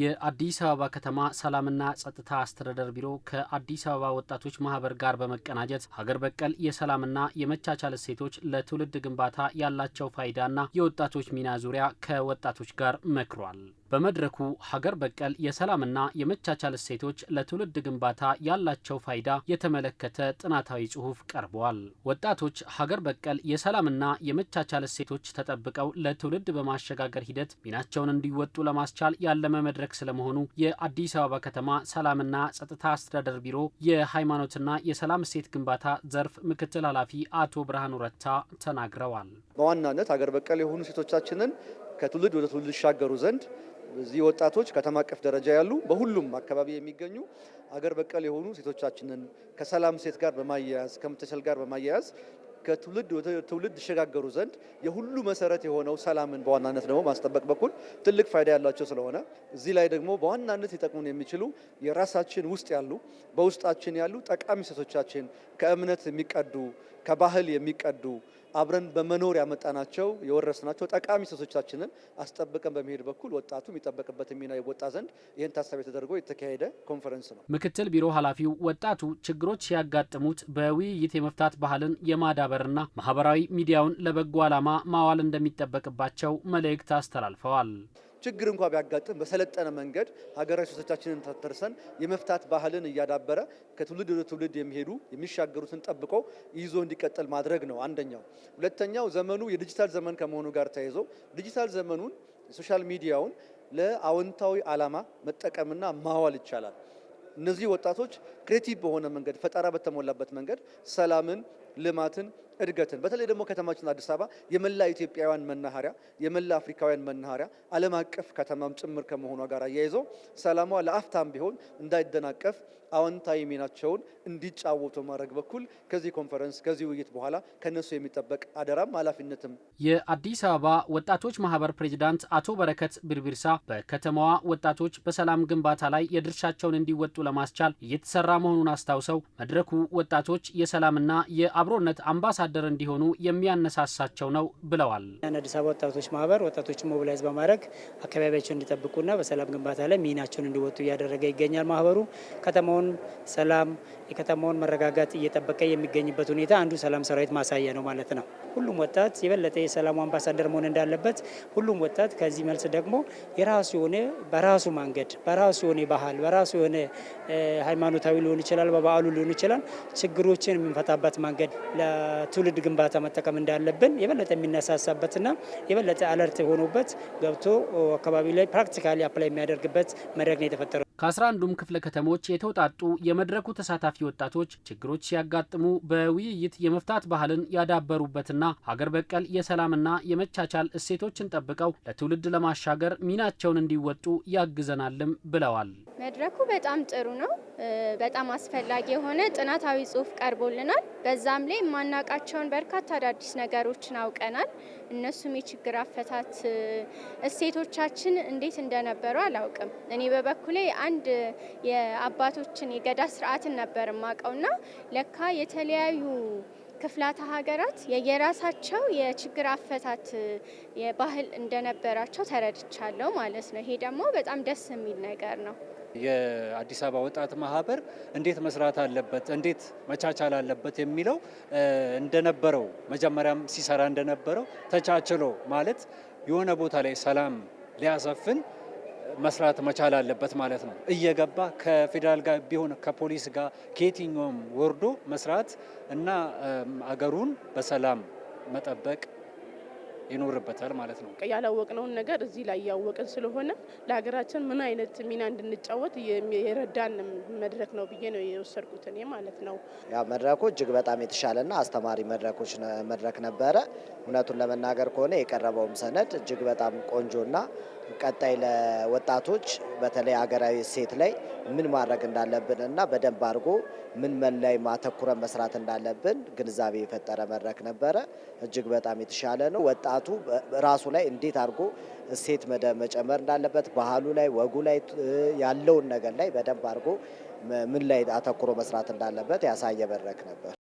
የአዲስ አበባ ከተማ ሰላምና ጸጥታ አስተዳደር ቢሮ ከአዲስ አበባ ወጣቶች ማህበር ጋር በመቀናጀት ሀገር በቀል የሰላምና የመቻቻል እሴቶች ለትውልድ ግንባታ ያላቸው ፋይዳና የወጣቶች ሚና ዙሪያ ከወጣቶች ጋር መክሯል። በመድረኩ ሀገር በቀል የሰላምና የመቻቻል እሴቶች ለትውልድ ግንባታ ያላቸው ፋይዳ የተመለከተ ጥናታዊ ጽሑፍ ቀርበዋል። ወጣቶች ሀገር በቀል የሰላምና የመቻቻል እሴቶች ተጠብቀው ለትውልድ በማሸጋገር ሂደት ሚናቸውን እንዲወጡ ለማስቻል ያለመ መድረክ ስለመሆኑ የአዲስ አበባ ከተማ ሰላምና ጸጥታ አስተዳደር ቢሮ የሃይማኖትና የሰላም እሴት ግንባታ ዘርፍ ምክትል ኃላፊ አቶ ብርሃኑ ረታ ተናግረዋል። በዋናነት ሀገር በቀል የሆኑ እሴቶቻችንን ከትውልድ ወደ ትውልድ ይሻገሩ ዘንድ እዚህ ወጣቶች ከተማ አቀፍ ደረጃ ያሉ በሁሉም አካባቢ የሚገኙ አገር በቀል የሆኑ ሴቶቻችንን ከሰላም ሴት ጋር በማያያዝ ከምትችል ጋር በማያያዝ ከትውልድ ወደ ትውልድ ይሸጋገሩ ዘንድ የሁሉ መሰረት የሆነው ሰላምን በዋናነት ደግሞ ማስጠበቅ በኩል ትልቅ ፋይዳ ያላቸው ስለሆነ እዚህ ላይ ደግሞ በዋናነት ሊጠቅሙን የሚችሉ የራሳችን ውስጥ ያሉ በውስጣችን ያሉ ጠቃሚ ሴቶቻችን ከእምነት የሚቀዱ ከባህል የሚቀዱ አብረን በመኖር ያመጣናቸው የወረስናቸው ጠቃሚ እሴቶቻችንን አስጠብቀን በመሄድ በኩል ወጣቱ የሚጠበቅበት ሚና ይወጣ ዘንድ ይህን ታሳቢ ተደርጎ የተካሄደ ኮንፈረንስ ነው። ምክትል ቢሮ ኃላፊው ወጣቱ ችግሮች ሲያጋጥሙት በውይይት የመፍታት ባህልን የማዳበርና ማህበራዊ ሚዲያውን ለበጎ ዓላማ ማዋል እንደሚጠበቅባቸው መልእክት አስተላልፈዋል። ችግር እንኳ ቢያጋጥም በሰለጠነ መንገድ ሀገራዊ ሴቶቻችንን ተተርሰን የመፍታት ባህልን እያዳበረ ከትውልድ ወደ ትውልድ የሚሄዱ የሚሻገሩትን ጠብቆ ይዞ እንዲቀጥል ማድረግ ነው አንደኛው። ሁለተኛው ዘመኑ የዲጂታል ዘመን ከመሆኑ ጋር ተያይዞ ዲጂታል ዘመኑን ሶሻል ሚዲያውን ለአዎንታዊ ዓላማ መጠቀምና ማዋል ይቻላል። እነዚህ ወጣቶች ክሬቲቭ በሆነ መንገድ ፈጠራ በተሞላበት መንገድ ሰላምን፣ ልማትን፣ እድገትን በተለይ ደግሞ ከተማችን አዲስ አበባ የመላ ኢትዮጵያውያን መናኸሪያ፣ የመላ አፍሪካውያን መናኸሪያ፣ ዓለም አቀፍ ከተማም ጭምር ከመሆኗ ጋር አያይዞ ሰላሟ ለአፍታም ቢሆን እንዳይደናቀፍ አዎንታዊ ሚናቸውን እንዲጫወቱ ማድረግ በኩል ከዚህ ኮንፈረንስ ከዚህ ውይይት በኋላ ከነሱ የሚጠበቅ አደራም ኃላፊነትም። የአዲስ አበባ ወጣቶች ማህበር ፕሬዚዳንት አቶ በረከት ቢርቢርሳ በከተማዋ ወጣቶች በሰላም ግንባታ ላይ የድርሻቸውን እንዲወጡ ለማስቻል እየተሰራ መሆኑን አስታውሰው መድረኩ ወጣቶች የሰላምና አብሮነት አምባሳደር እንዲሆኑ የሚያነሳሳቸው ነው ብለዋል። አዲስ አበባ ወጣቶች ማህበር ወጣቶችን ሞቢላይዝ በማድረግ አካባቢያቸውን እንዲጠብቁና በሰላም ግንባታ ላይ ሚናቸውን እንዲወጡ እያደረገ ይገኛል። ማህበሩ ከተማውን ሰላም፣ የከተማውን መረጋጋት እየጠበቀ የሚገኝበት ሁኔታ አንዱ ሰላም ሰራዊት ማሳያ ነው ማለት ነው። ሁሉም ወጣት የበለጠ የሰላሙ አምባሳደር መሆን እንዳለበት ሁሉም ወጣት ከዚህ መልስ ደግሞ የራሱ የሆነ በራሱ መንገድ በራሱ የሆነ ባህል በራሱ የሆነ ሃይማኖታዊ ሊሆን ይችላል፣ በበዓሉ ሊሆን ይችላል ችግሮችን የምንፈታበት መንገድ ለትውልድ ግንባታ መጠቀም እንዳለብን የበለጠ የሚነሳሳበትና የበለጠ አለርት የሆኑበት ገብቶ አካባቢ ላይ ፕራክቲካሊ አፕላይ የሚያደርግበት መድረክ ነው የተፈጠረው። ከ11ዱም ክፍለ ከተሞች የተውጣጡ የመድረኩ ተሳታፊ ወጣቶች ችግሮች ሲያጋጥሙ በውይይት የመፍታት ባህልን ያዳበሩበትና ሀገር በቀል የሰላምና የመቻቻል እሴቶችን ጠብቀው ለትውልድ ለማሻገር ሚናቸውን እንዲወጡ ያግዘናልም ብለዋል። መድረኩ በጣም ጥሩ ነው። በጣም አስፈላጊ የሆነ ጥናታዊ ጽሑፍ ቀርቦልናል። በዛም ላይ የማናቃቸውን በርካታ አዳዲስ ነገሮችን አውቀናል። እነሱም የችግር አፈታት እሴቶቻችን እንዴት እንደነበሩ አላውቅም። እኔ በበኩሌ አንድ የአባቶችን የገዳ ስርዓትን ነበር የማውቀውና ለካ የተለያዩ ክፍላተ ሀገራት የየራሳቸው የችግር አፈታት የባህል እንደነበራቸው ተረድቻለሁ ማለት ነው። ይሄ ደግሞ በጣም ደስ የሚል ነገር ነው። የአዲስ አበባ ወጣት ማህበር እንዴት መስራት አለበት፣ እንዴት መቻቻል አለበት የሚለው እንደነበረው መጀመሪያም ሲሰራ እንደነበረው ተቻችሎ ማለት የሆነ ቦታ ላይ ሰላም ሊያሰፍን መስራት መቻል አለበት ማለት ነው። እየገባ ከፌዴራል ጋር ቢሆን ከፖሊስ ጋር ከየትኛውም ወርዶ መስራት እና አገሩን በሰላም መጠበቅ ይኖርበታል ማለት ነው። ያላወቅነውን ነገር እዚህ ላይ እያወቅን ስለሆነ ለሀገራችን ምን አይነት ሚና እንድንጫወት የረዳን መድረክ ነው ብዬ ነው የወሰድኩት እኔ ማለት ነው። ያ መድረኩ እጅግ በጣም የተሻለና አስተማሪ መድረኮች መድረክ ነበረ። እውነቱን ለመናገር ከሆነ የቀረበውም ሰነድ እጅግ በጣም ቆንጆና ቀጣይ ለወጣቶች በተለይ ሀገራዊ እሴት ላይ ምን ማድረግ እንዳለብን እና በደንብ አድርጎ ምን መላይ ማተኩረ መስራት እንዳለብን ግንዛቤ የፈጠረ መድረክ ነበረ። እጅግ በጣም የተሻለ ነው። ወጣቱ ራሱ ላይ እንዴት አድርጎ እሴት መጨመር እንዳለበት ባህሉ ላይ፣ ወጉ ላይ ያለውን ነገር ላይ በደንብ አድርጎ ምን ላይ አተኩሮ መስራት እንዳለበት ያሳየ መድረክ ነበር።